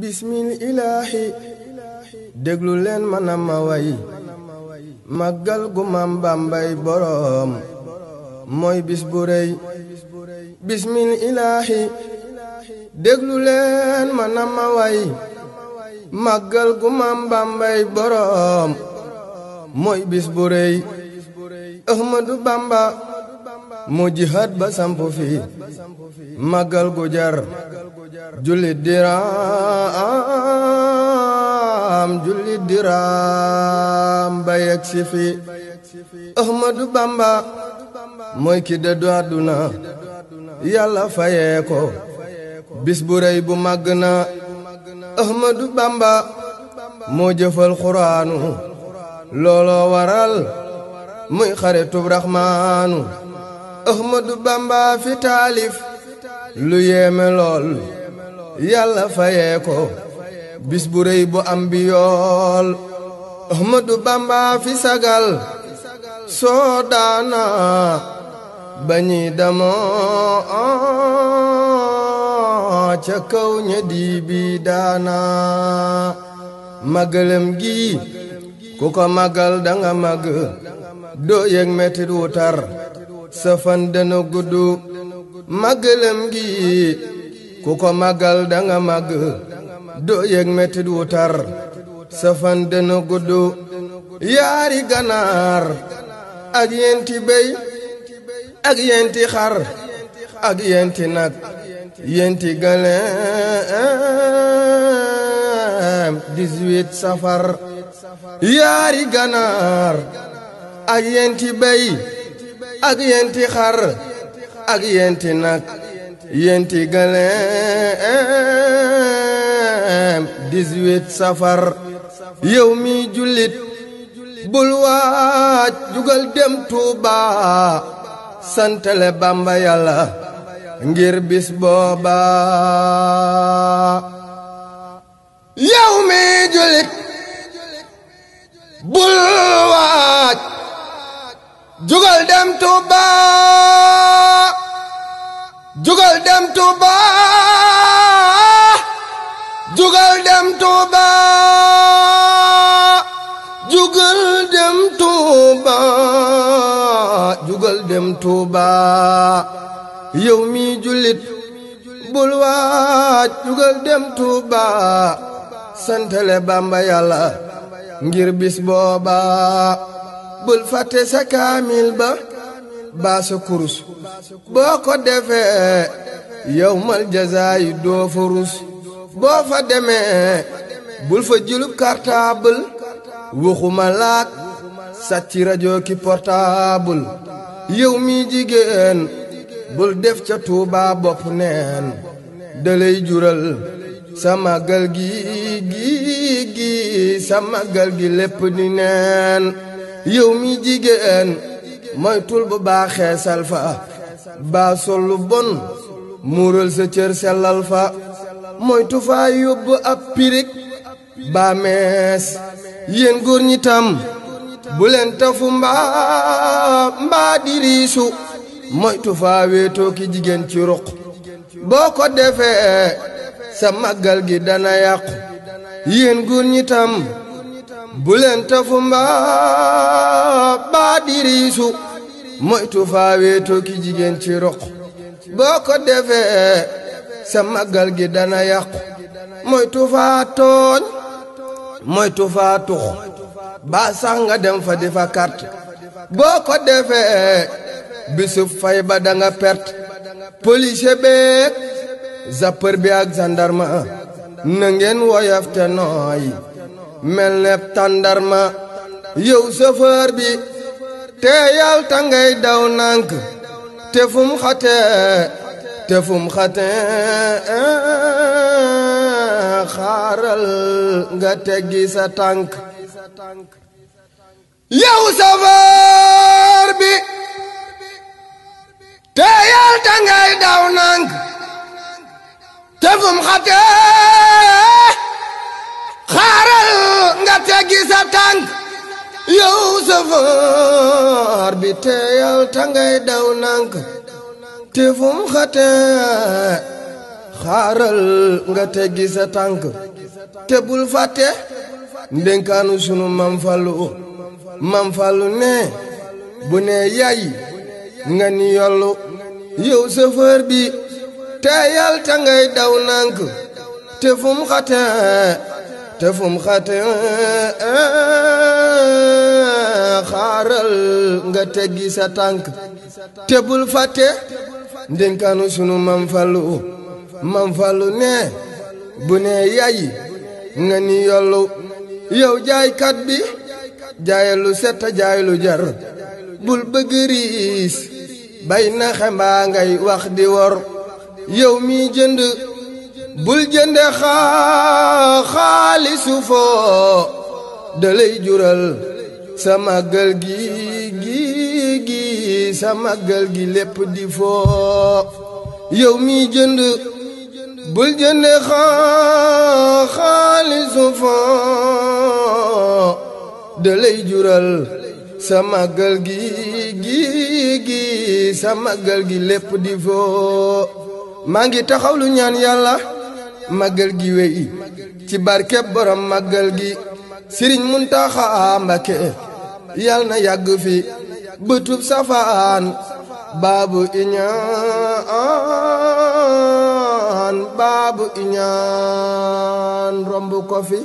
bismil ilaahi déglu leen mana ma way gu maam bàmbay boroom mooy bismil ilaahi déglu leen mana ma way gu maam bàmbay boroom mooy bis bu rëy bamba mu jihaat ba sampu fi màggal gu jar jullit diraam jullit diraam ba yegg si fi Ahmadu Bamba mooy ki dëddu àdduna yàlla fayee ko bis bu rëy bu màgg na Ahmadu Bamba moo jëfal xuraanu looloo waral muy xaritu Raxmaanu Ahmadu Bamba fi taalif lu yéeme lool yàlla fayee ko bis bu rëy bu am bi yool Bamba fi sagal soo daana bañi damoo ca kaw ña di bi daana màggalam gi ku ko màggal danga màgg doo metit wu safan dana gudd màggalam gi ku ko màggal danga màgg doo yëg metit wu tar safan dana yaari ganaar ak yenti béy ak yenti xar ak yenti nag yenti gëléem 18 safar yaari ganaar ak yenti béy ak yenti xar ak yenti nag yenti gëleem dix-huit safar yow mi jullit bul waaj jugal dem Tuuba santale Bamba Yàlla ngir bis booba yow bul waaj jugal dem Touba jugal dem Touba jugal dem Touba jugal dem Touba jugal mi jullit bul waaj jugal dem Touba santale Bamba Yàlla ngir bis booba bul fàtte sa ba baasu kurus boo ko defee yawmal jazaayi doo fa rus boo fa demee bul fa jëlub cartable waxuma laak sàcc rajo ki portable yow mi jigéen bul def catuuba bopp neen dalay jural sa màggal gi gi gi neen yow mi jigéen moytul bu baax xeesal fa baa sol bon muural sa cër sellal fa moytu faa yóbbu ab pirig baa mees yéen góor ñi tam bu leen tafu mbaa mbaa di riisu moytu faa wéetoo ki jigéen ci ruq boo ko defee sa màggal gi dana yàqu yéen góor ñi tam buleen tafu mbaa baa diriisu moytu faawee tooki jigéen ci roq boo ko defee sa màggal gi dana yàqu moytu faa tooñ moytu faa tux baa sax nga dem fa di fa carte boo ko defee bisub fay ba danga perte policier beeg sapeur bi ak gendarme na ngeen woyof nooy mel ne tàndarma yow sëfër bi te yal ta ngay daw nànk te xate te xate xaaral nga teggi sa tànk yow sëfër bi te ta ngay daw nànk te xate safar bi teeyal tangay daw nank te fu mu xate xaaral nga teggi sa tànk te bul fàtte ndénkaanu sunu mam fallu mam fallu ne bu ne yay nga ni yollu yow safar bi teeyal tangay daw nank te fu mu xate te fu mu xate xaaral nga teggi sa tànk te bul fàtte ndinkanu sunu mam fallu mam fallu ne bu ne yay nga ni yollu yow jaaykat bi jaayal set a jar bul bëgg bay na ngay wax di wor yow mi jënd bul jënde xaa xaalisu foo dalay jural sa màggal gi gi gi sa màggal gi lépp di foo yow mi jënd bul jënd xaalisu foo da jural sa màggal gi gi gi sa màggal gi lépp di foo maa ngi taxaw lu ñaan yàlla màggal gi wey ci barkeb borom màggal gi sëriñ Muntaxa Mbàkke yal na yàgg fi bëtub safaan baabu iñaan baabu iñaan romb ko fi